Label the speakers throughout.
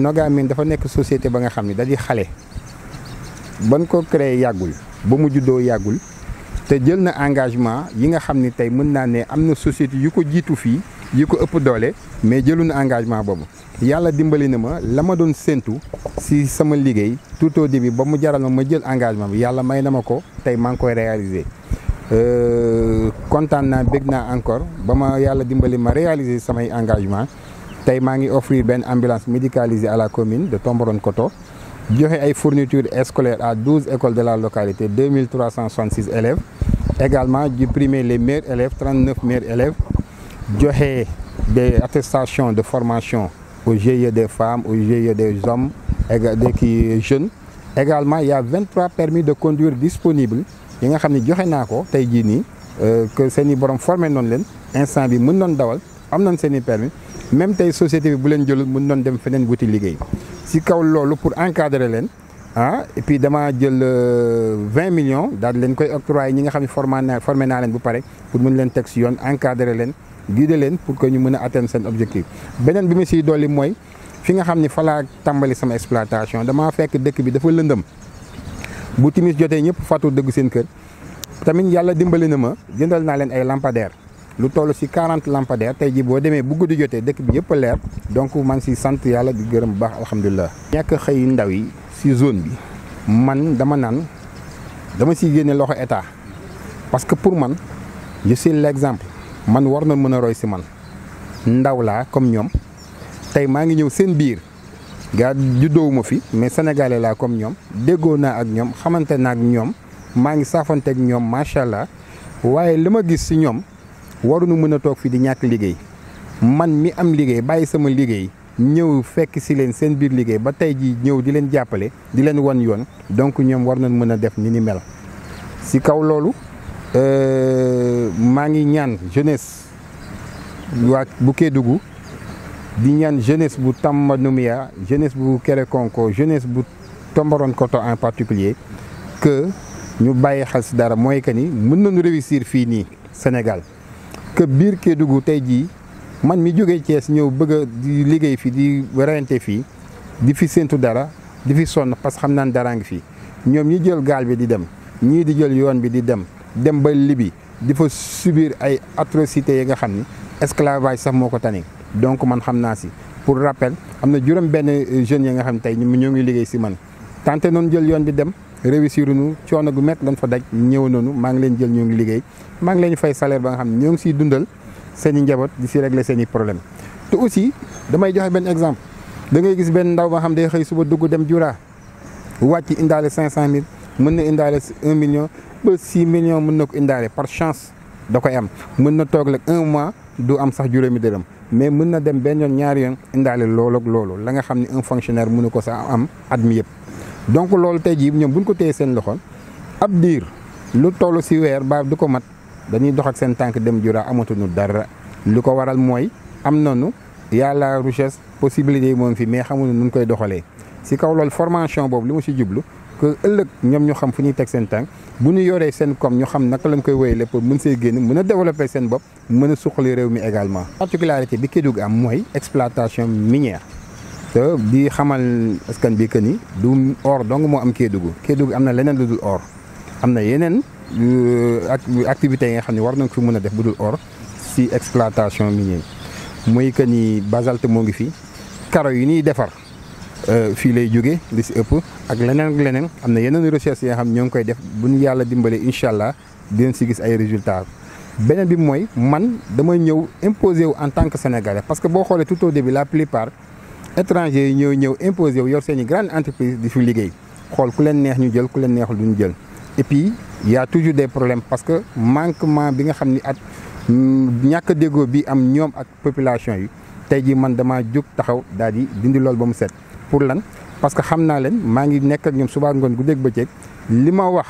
Speaker 1: Nogamin dafa nekk société ba nga xam ne da xale ban ko créer yàggul ba mu juddoo yàggul te jël na engagement yi nga xam ni tey mën naa ne am na société yu ko jiitu fii yi ko ëpp doole mais jëlu na engagement boobu yàlla dimbali na ma la ma doon séentu si sama liggéey tout au début ba mu jaral ma ma jël engagement bi yàlla may na ma ko tey maa ngi koy réaliser euh, kontaan naa bég naa encore ba ma yàlla dimbali ma réaliser samay engagement tey maa ngi offrir benn ambulance médicalisée à la commune de Tomboronkoto joxe ay fournitures scolaires à douze écoles de la localité deux mille trois cent soixante élèves également di primer les meilleurs élèves trente neuf meilleurs élèves joxe des attestations de formation au GIE des femmes au GIE des hommes et des kii jeunes. également ya y a vingt permis de conduire disponibles yi nga xam ni joxe naa ko tey jii nii euh, que seen i borom former noonu leen instant bi mën noon dawal am nañ seen i permis même tey societé bi bu leen jëlul mun doon dem feneen wuti liggéey si kaw loolu pour encadrer leen ah et puis damaa jël euh, vingt millions daal leen koy octroyer ñi nga xam ne formé naa naa leen bu pare pour mun leen teg si yoon encadrer leen guider leen pour que ñu mën a atteindre seen objectif. beneen bi mu siy dolli mooy fi nga xam ni falaa tàmbali sama exploitation damaa fekk dëkk bi dafa lëndëm bu timis jotee ñëpp fàttu dëgg seen kër tamit yàlla dimbali na ma jëndal naa leen ay lampadaires. lu toll si 40 lampadaires tey jii boo demee bu guddi jotee dëkk bi yëpp leer donc maa ngi siy sant yàlla di gërëm bu baax alhamdulilah. ñàkk xëy ndaw yi si zone bi man dama naan dama siy génne loxo état parce que pour man je suis l'exemple man war na mën a roy si man ndaw laa comme ñoom tey maa ngi ñëw seen biir. gaa juddoowuma fi mais sénégalais laa comme ñoom déggoo naa ak ñoom xamante naa ak ñoom maa ngi ak ñoom macha allah waaye li ma gis si ñoom waruñu mën a toog fii di ñàkk liggéey man mi am liggéey bàyyi sama liggéey ñëw fekk si leen seen biir liggéey ba tey ji ñëw di leen jàppale di leen wan yoon donc ñoom war nañ mën a def ni ni mel si kaw loolu euh, maa ngi ñaan jeunesse waa bu Kédougou di ñaan jeunesse bu Tambanumbia jeunesse bu Kerekonko jeunesse bu Tomboronkoto en particulier que ñu bàyyi xel si dara mooy que ni mën nañu réussir fii nii Sénégal que biir Kédougou tey jii man mi jóge Thiès ñëw bëgg a di liggéey fii di reyante fii di fi séentu dara di fi sonn parce que xam naan daraa ngi fii ñoom ñi jël gaal bi di dem ñii di jël yoon bi di dem dem ba Libi di fa subiir ay atrocités yi nga xam ni esclavage sax moo ko tane donc man xam naa si pour rappel am na juróom benn jeunes yi nga xam tey ñoom ñoo ngi liggéey si man. tante noonu jël yoon bi dem réussir nu coono gu métti lañ fa daj ñëw noonu maa ngi leen jël ñoo ngi liggéey maa ngi leen fay salaire ba nga xam ne ñoo ngi siy dundal seen njaboot di si régler seen i problème aussi damay joxe benn exemple da ngay gis benn ndaw ba xam day xëy suba dugg dem Jura wàcc indaale cinq cent mille mën na indaale un million ba mën na ko indaale par chance da koy am mën na toog rek mois du am sax juróomi dërëm mais mën na dem benn ñaari yoon indaale loolu ak la nga xam ne un fonctionnaire mënu ko sax am at mi yëpp. donc loolu tey jii ñoom bu ñu ko téye seen loxo ab diir lu toll si weer baa du ko mat dañuy dox ak seen tànk dem Jura amatuñu dara lu ko waral mooy am nañu yàlla richesse possibilité yi moom fi mais xamuñu nu koy doxalee. si kaw loolu formation boobu li ma si jublu que ëllëg ñoom ñu xam fu ñuy teg seen tànk bu nu yoree seen comme ñu xam naka lañ koy wéyalee pour mën see génn mën a développer seen bopp mën a suqali réew mi également. particularité bi Kédougou am mooy exploitation minière. te di xamal askan bi que ni du or dong moo am Kédougou Kédougou am na leneen lu dul or am na yeneen euh, ak activités yi nga xam ne war nañ ko fi mën a def bu dul or si exploitation minière muy que ni basalte moo ngi fi karo yi ñuy defar euh, fii lay jóge li si ëpp ak leneen ak leneen am na yeneen recherche yi nga xam ne ñoo ngi koy def bu ñu yàlla dimbalee incha allah dinañ si gis ay résultats. beneen bi mooy man damay ñëw imposer wu en tant que sénégalais parce que boo xoolee tout au début la plupart étranger yi ñëw ñëw imposé wu yor seen i grande entreprise di fi liggéey xool ku leen neex ñu jël ku leen neexul duñu jël et puis y a toujours des problèmes parce que manquement bi nga xam ni at mm, ñàkk a bi am ñoom ak population yi tey jii man damaa jóg taxaw daal di dindi loolu ba mu set pour lan parce que xam naa leen maa ngi nekk ak ñoom suba ngoon gu dégg bëccëg li ma wax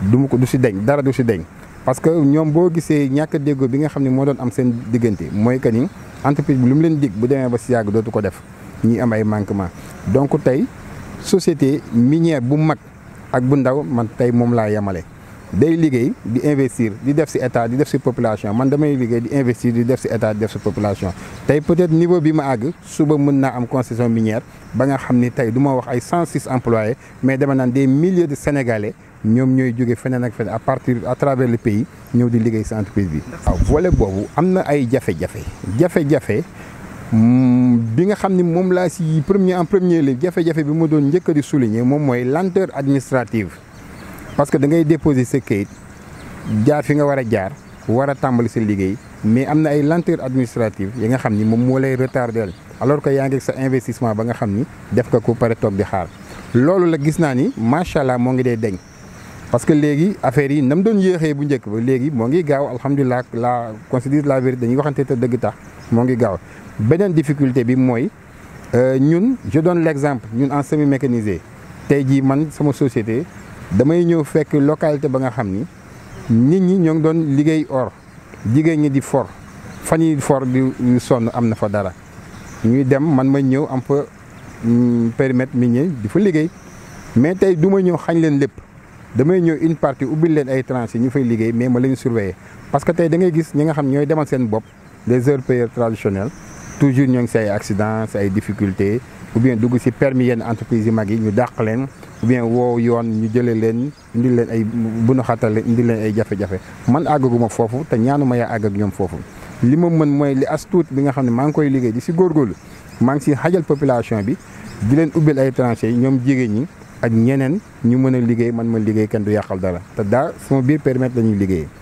Speaker 1: du ma ko du si deñ dara du si deñ parce que ñoom boo gisee ñàkk a bi nga xam ne moo doon am seen diggante mooy que ni entreprise bi lu mu leen dig bu demee ba si yàgg dootu ko def ñuy am ay manquement donc tey société minière bu mag ak bu ndaw man tey moom laa yemale day liggéey di investir di def si état di def si population man damay liggéey di investir di def si état di def si population tey peut-être niveau bi ma àgg suba mën naa am concession minière ba nga xam ni tey du ma wax ay 106 employés mais dama naan des millier de sénégalais ñoom ñooy jóge feneen ak feneen à partir à travers le pays ñëw di liggéey si entreprise bi. waaw volet boobu am na ay jafe jafe-jafe. Hmm, bi nga xam ni moom laa si premier en premier lieu jafe-jafe bi ma doon njëkk di souligner moom mooy lenteur administrative parce que da ngay déposer sa kayit jaar fi nga war a jaar war a tàmbali sa liggéey mais am na ay lenteur administrative yi nga xam ni moom moo lay retardel alors que yaa ngi sa investissement ba nga xam ni def nga ko pare toog di xaar loolu la gis naa ni macha allah moo ngi dee deñ parce que léegi affaire yi nam doon yéexee bu njëkk ba léegi moo ngi gaaw alhamdulilah la considère la vérité dañuy waxante te dëgg tax moo ngi gaaw beneen difficulté bi mooy euh, ñun je donne l'exemple ñun en semi mécanisé tey jii man sama société damay ñëw fekk localité ba nga xam ni nit ñi ñoo ngi doon liggéey or jigéen ñi di for fa yi for di sonn am na fa dara ñuy dem man ma ñëw am fa mm, permettre nit ñi di fa liggéey mais tey du ma ñëw xañ leen lépp. damay ñëw une partie ubbil leen ay tranches ñu fay liggéey mais ma leen surveiller parce que tey da gis ñi nga xam ñooy demal seen bopp les heures-payeurs traditionnels toujours ñoo ngi si ay accidents si ay difficultés ou bien dugg si permis yenn entreprise yu mag yi ñu dàq leen ou bien woo yoon ñu jëlee leen indi leen ay bunu xattale indi leen ay jafe-jafe man ma foofu te ñaanuma yaa àgg ak ñoom foofu li ma mën mooy li as tuut bi nga xam ne maa ngi koy liggéey di si góorgóorlu maa ngi si xajal population bi di leen ubbil ay tranchées ñoom jigéen ñi ak ñeneen ñu mën a liggéey man ma liggéey kenn du yàqal dara te daa sama biir périmètre la ñuy liggéey